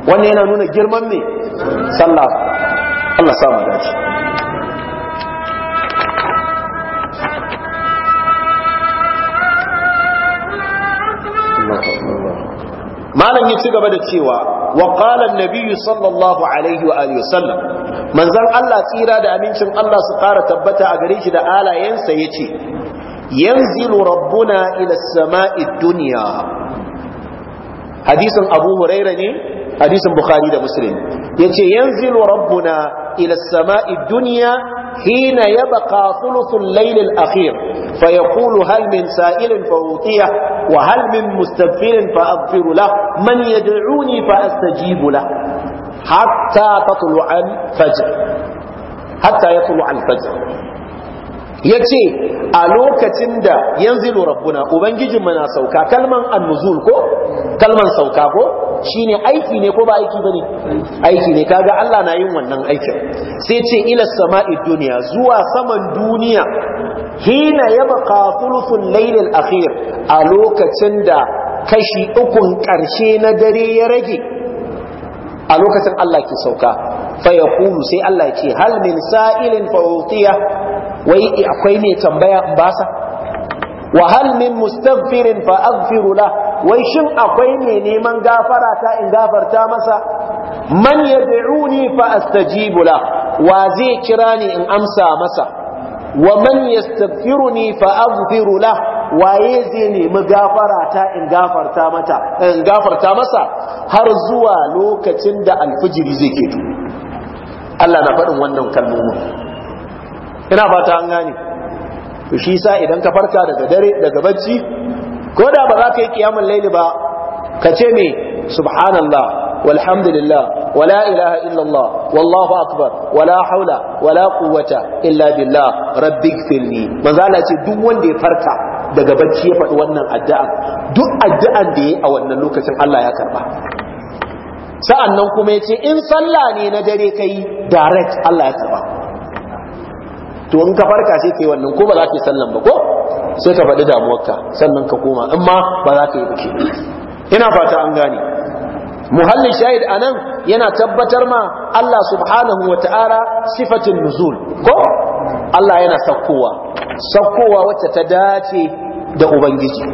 wannan yana nuna girman ne sallah Allah sa mu dace malam ya ci gaba da cewa wa qala an sallallahu alaihi wa alihi wasallam manzon Allah tsira da amincin Allah su fara tabbata a gare shi da alayensa yace yanzilu rabbuna ila as-sama'i dunya hadisin Abu Huraira ne hadisin Bukhari da Muslim yace yanzilu rabbuna ila as-sama'i dunya hina yabqa thuluthul layl al-akhir فيقول هل من سائل فأوطيه وهل من مستغفر فأغفر له من يدعوني فأستجيب له حتى تطلع الفجر حتى يطلع الفجر yace a lokacin da yanzu rabbuna ubangijin mana sauka kalman annuzul ko kalman sauka ko Shi ne aiki ne ko ba aiki ba ne? aiki ne kaga Allah na yin wannan aikin sai ce ila sama'i duniya zuwa saman duniya hina ya ka sulusun lailin akhir a lokacin da kashi ukun karshe na dare ya rage a lokacin Allah ke sauka fa kulu sai Allah ya ce hal min sa'ilin fa wai akwai mai tambaya in basa wa hal min mustaghfirin fa lahu wai shin akwai mai neman gafara ta in gafarta masa man yad'uni fa astajibu la wa zai kira ni in amsa masa wa man yastaghfiruni fa aghfiru la waye zai nemi gafara ta in gafarta mata in gafarta masa har zuwa lokacin da alfijiri zai ke tu, Allah na faɗin wannan kalmomin ina fata an gane to shi sa idan ka farka daga dare daga bacci ko da ba za ka yi kiyamun laili ba ka ce me subhanallah walhamdulillah wala ilaha illallah wallahu akbar wala haula wala quwwata illa billah rabbi gfirli manzala ce duk wanda ya farka daga bacci ya faɗi wannan addu'a duk addu'an da ya yi a wannan lokacin Allah ya karba sa'an nan kuma ya ce in sallah ne na dare ka yi direct Allah ya karba to in ka farka sai ka yi wannan ko ba za ka yi sallan ba ko sai ka faɗi damuwarka sannan ka koma in ma ba za ka yi buke ina fata an gane muhallin shahid anan yana tabbatar ma Allah subhanahu wa ta'ala sifatin nuzul ko Allah yana saukowa saukowa wacce ta dace da ubangiji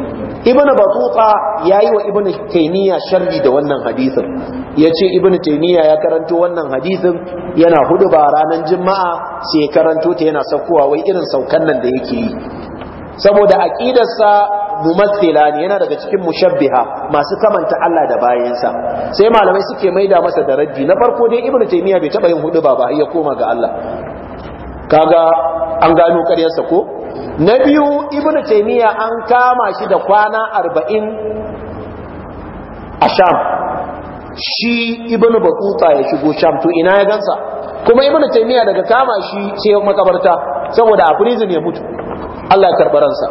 ibnu batuta yi wa ibnu taimiyya sharri da wannan hadisin ce ibnu taimiyya ya karanto wannan hadisin yana hudu ba ranar jima'a sai ya karanto ta yana saukowa wai irin saukan nan da yake yi saboda aqidarsa mumathila ne yana daga cikin mushabbiha masu kamanta Allah da bayansa sai malamai suke maida masa daraji na farko dai ibnu taymiya bai taba yin hudu ba ba ya koma ga Allah kaga an gano ƙaryarsa ko na biyu ibnu taymiya an kama shi da kwana 40 a sham shi ibnu batuta ya shigo sham to ina ya gansa kuma ibnu taymiya daga kama shi sai makabarta saboda a prison ya mutu Allah ya karɓi ransa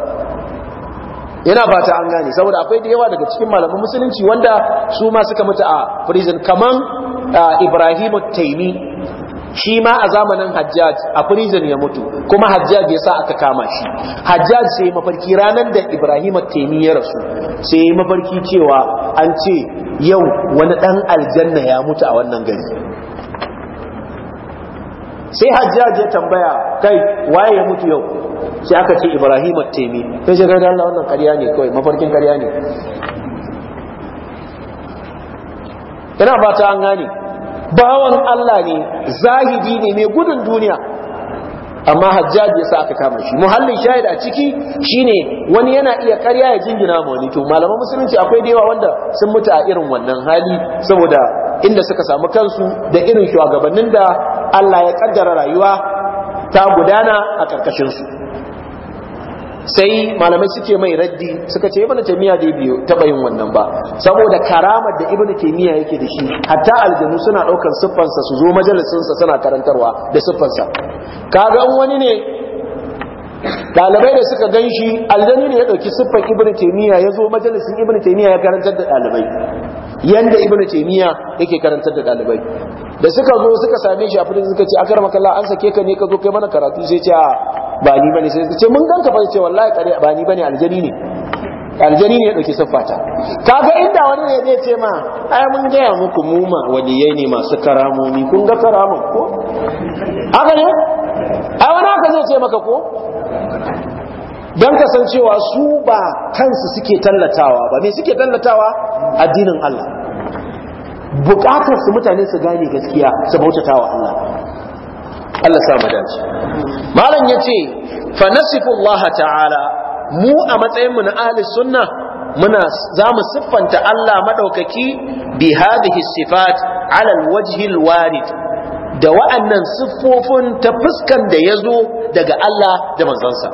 yana fata an gane saboda akwai da yawa daga cikin malamin musulunci wanda su ma suka mutu a prison Kamar Ibrahim Taimi shi ma a zamanin Hajjaj a prison ya mutu kuma Hajjaj ya sa aka kama shi Hajjaj sai mafarki ranar da Ibrahim Taimi ya rasu sai mafarki cewa an ce yau wani ɗan aljanna ya mutu a wannan gari sai Hajjaj ya tambaya kai waye ya mutu yau sai aka ce ibrahim at-taymi sai shi da Allah wannan ƙarya ne kawai mafarkin ƙarya ne ina ta an gane bawan Allah ne zahidi ne mai gudun duniya amma hajjaji yasa aka kama shi muhallin shahid a ciki shine wani yana iya ƙarya ya jingina ma wani to malaman musulunci akwai da yawa wanda sun mutu a irin wannan hali saboda inda suka samu kansu da irin shugabannin da Allah ya kaddara rayuwa ta gudana a karkashin su sai malamai suke mai raddi suka ce ibnu taymiya dai biyo taba yin wannan ba saboda karamar da ibnu taymiya yake da shi hatta aljanu suna daukar siffansa su zo majalisinsa suna karantarwa da siffansa kaga wani ne dalibai da suka gan shi ne ya ɗauki siffan ibn taymiya ya zo majalisin ibn taymiya ya karantar da dalibai yanda ibn taymiya yake karantar da dalibai da suka zo suka same shi a fili suka ce akar makalla an sake ka ne ka zo kai mana karatu sai ce ba ni bane sai ce mun ganka ba ce wallahi kare ba ni bane aljani ne aljani ne ya dauki siffata kaga inda wani ne zai ce ma ai mun gaya muku mu ma waliyai ne masu karamomi kun ga karamun ko haka ne ai wani haka zai ce maka ko don kasancewa su ba kansu suke tallatawa ba me suke tallatawa addinin Allah bukatar su mutane su gane gaskiya su bautata wa Allah Allah sa mu dace malam yace fa nasifu Allah ta'ala mu a matsayin mu na ahli sunna muna za mu siffanta Allah madaukaki bi hadhihi sifat ala alwajhi alwarid da wa'annan siffofin ta fuskan da yazo daga Allah da manzansa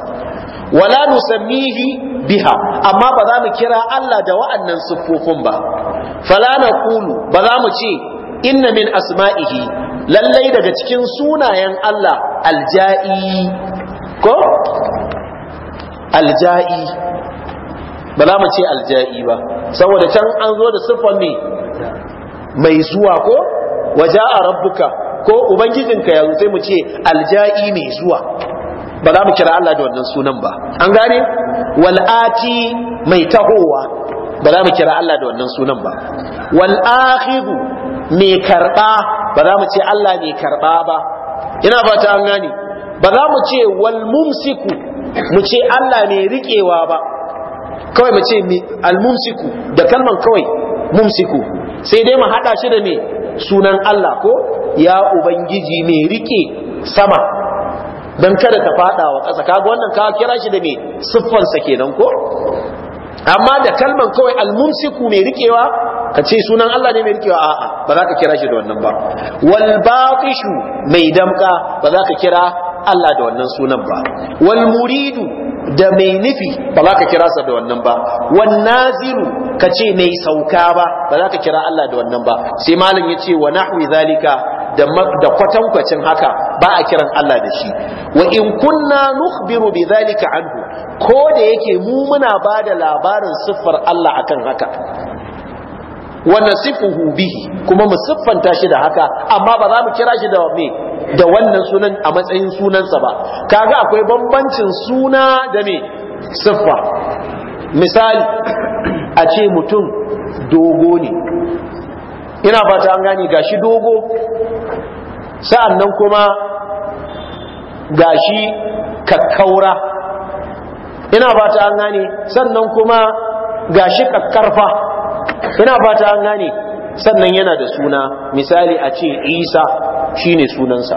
wala nusammihi biha amma ba za mu kira Allah da wa'annan siffofin ba fala Kulu, ba za mu ce inna min asma'ihi lallai daga cikin sunayen Allah alja'i ko alja'i ba za mu ce alja'i ba saboda can an zo da siffar ne mai zuwa ko waja a rabbuka ko ubangijinka yanzu sai mu ce alja'i mai zuwa ba za mu kira Allah da wannan sunan ba an gane wal'ati mai tahowa ba za mu kira Allah da wannan sunan ba wal akhidu mai karba ba za mu ce Allah mai karba ba ina fata an gane ba za mu ce wal mumsiku mu ce Allah mai riƙewa ba kawai mu ce al mumsiku da kalman kawai mumsiku sai dai mu hada shi da me sunan Allah ko ya ubangiji mai rike sama dan kada ka fada wa ƙasa kaga wannan ka kira shi da me siffansa kenan ko amma da kalman kawai almumsiku mai rikewa ka ce sunan Allah ne mai rikewa a ba za ka kira shi da wannan ba wal batishu mai damka ba za ka kira Allah da wannan sunan ba wal muridu da mai nufi ba za ka kira sa da wannan ba wan nazilu ka ce mai sauka ba ba za ka kira Allah da wannan ba sai malam ya ce wa nahwi zalika da kwatankwacin haka ba a kiran Allah da shi wa in kunna nukhbiru bidhalika anhu ko da yake mu muna ba da labarin siffar Allah akan haka wa nasifuhu bihi kuma mu siffanta shi da haka amma ba za mu kira shi da me da wannan sunan a matsayin sunansa ba kaga akwai bambancin suna da me siffa misali a ce mutum dogo ne ina fata an gane gashi dogo Sa'an nan kuma gashi kakkaura ina ta an gane sannan kuma gashi kakkarfa ina ta an gane sannan yana da suna misali a ce isa shine sunansa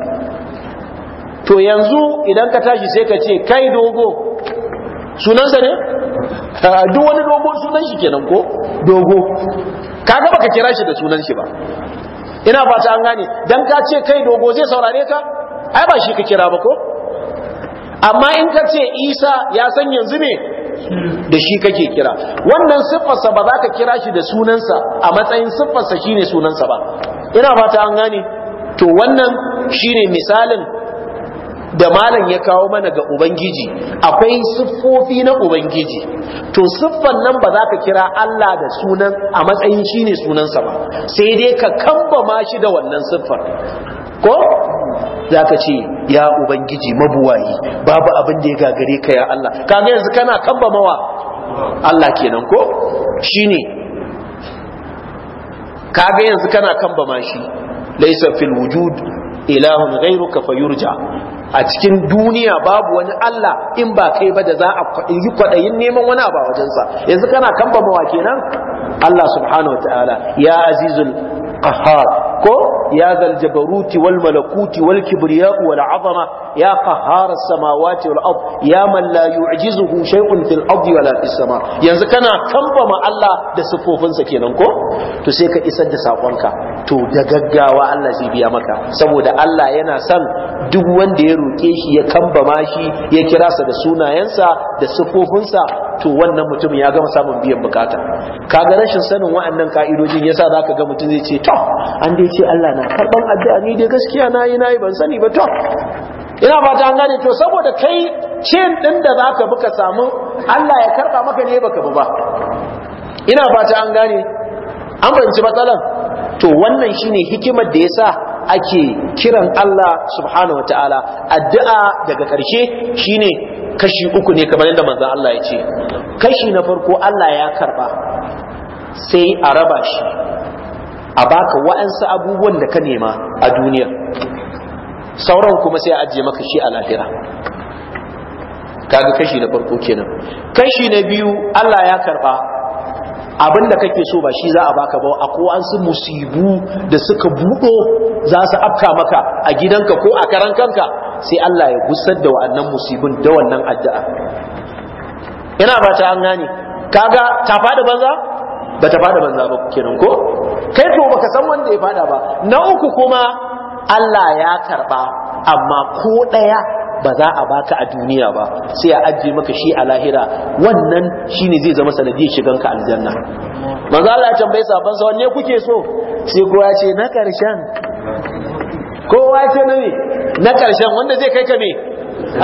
to yanzu idan ka tashi sai ka ce kai dogo sunansa ne ah, duk wani dogo sunan shi kenan ko dogo kaga baka kira shi da sunan shi ba ina ba ta an gane dan ka ce kai dogo zai saurare ka ai ba shi ka kira ba ko amma in ka ce isa ya san yanzu ne da shi kake kira wannan siffarsa ba za ka kira shi da sunansa a matsayin siffarsa shine sunansa ba ina ta an gane to wannan shine misalin da malam ya kawo mana ga ubangiji akwai siffofi na ubangiji to siffan nan ba za ka kira Allah da sunan a matsayin shine sunansa ba sai dai ka kamba ma shi da wannan siffar ko za ka ce ya ubangiji mabuwayi babu abin da ya gagare ka ya Allah kaga yanzu kana kamba mawa Allah kenan ko shine kaga yanzu kana kamba ma shi laysa fil wujud ilahun ghayruka fayurja a cikin duniya babu wani Allah in ba kai ba da za a yi kwaɗayin neman wani abu a wajensa yanzu kana kamba mawa kenan Allah subhanahu wataala ya azizul qahhar ko ya zal jabaruti wal malakuti wal kibriya wal azama ya qahhar samawati wal ard ya man la yu'jizuhu shay'un fil ardi wala fis sama yanzu kana kamba ma Allah da sifofinsa kenan ko to sai ka isar da sakonka to da gaggawa Allah zai biya maka saboda Allah yana son duk wanda ya roƙe shi ya ma shi ya kira sa da sunayensa da sufofinsa to wannan mutum ya gama samun biyan bukata kaga rashin sanin wa'annan ka'idojin yasa zaka ga mutum zai ce to an dai ce Allah na karban addu'a ni dai gaskiya nayi nayi ban sani ba to ina fata an gane to saboda kai cin din da zaka buka samu Allah ya karba maka ne baka bu ba ina fata an gane an fahimci matsalan to wannan shine hikimar da yasa ake kiran Allah subhanahu wataala addu'a daga ƙarshe shine kashi uku ne kamar yadda manzon Allah ya ce kashi na farko Allah ya karba sai a raba shi a baka wa'ansu abubuwan da ka nema a duniya sauran kuma sai a ajiye maka shi a lahira kaga kashi na farko kenan kashi na biyu Allah ya karba abin da kake so ba shi za a baka ba a kowansu musibu da suka buɗo za su afka maka a gidanka ko a karan kanka sai Allah ya gusar da wa'annan musibin da wannan addu'a ina ba ta an gane kaga ta faɗi banza ba ta faɗi banza ba kenan ko kai to baka san wanda ya faɗa ba na uku kuma Allah ya karɓa amma ko ɗaya ba za a baka a duniya ba sai a ajiye maka shi a lahira wannan shine zai zama sanadiyar shigan ka aljanna manzo Allah ya tambaye sahabban sa wanne kuke so sai kowa ce na karshen kowa ce na me na karshen wanda zai kai ka me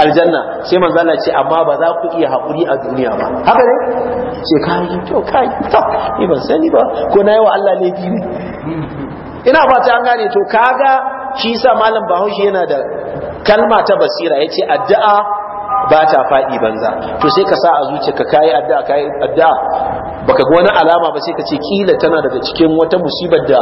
aljanna sai manzo Allah ce amma ba za ku iya haƙuri a duniya ba haka ne ce kai to kai to ni ban sani ba ko na yi wa Allah laifi ne ina fata an gane to kaga shi sa malam bahaushe yana da kalma ta basira ya ce addu'a ba ta faɗi banza to sai ka sa a zuce ka kayi addu'a kayi addu'a baka ga wani alama ba sai ka ce kila tana daga cikin wata musibar da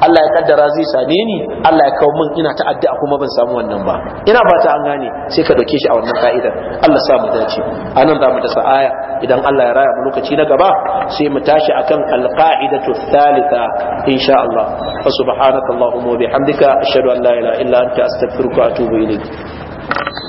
Allah ya kaddara zai same ni Allah ya kawo min ina ta addu'a kuma ban samu wannan ba ina fata an gane sai ka dauke shi a wannan ka'idar Allah sa mu dace anan za mu dasa aya idan Allah ya raya mu lokaci na gaba sai mu tashi akan alqa'idatu thalitha insha Allah fa subhanakallahumma wa bihamdika ashhadu an la ilaha illa anta astaghfiruka wa atubu ilayk